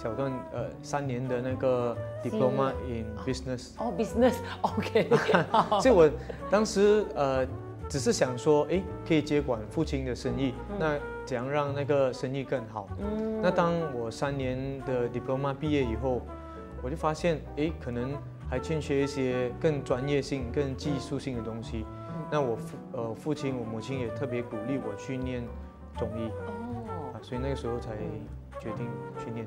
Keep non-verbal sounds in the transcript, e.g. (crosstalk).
小段、呃，三年的那個 diploma in business、hmm.。哦、oh,，business，OK、okay. oh. (laughs) 所以我當時、呃、只是想說，哎，可以接管父親的生意，hmm. 那怎樣讓那個生意更好？嗯、hmm.。那當我三年的 diploma 畢業以後，我就發現，哎，可能還欠缺一些更專業性、更技術性的東西。Hmm. 那我父，誒、呃、父親、我母親也特別鼓勵我去念中醫。哦、oh. 啊。所以那個時候才決定去念。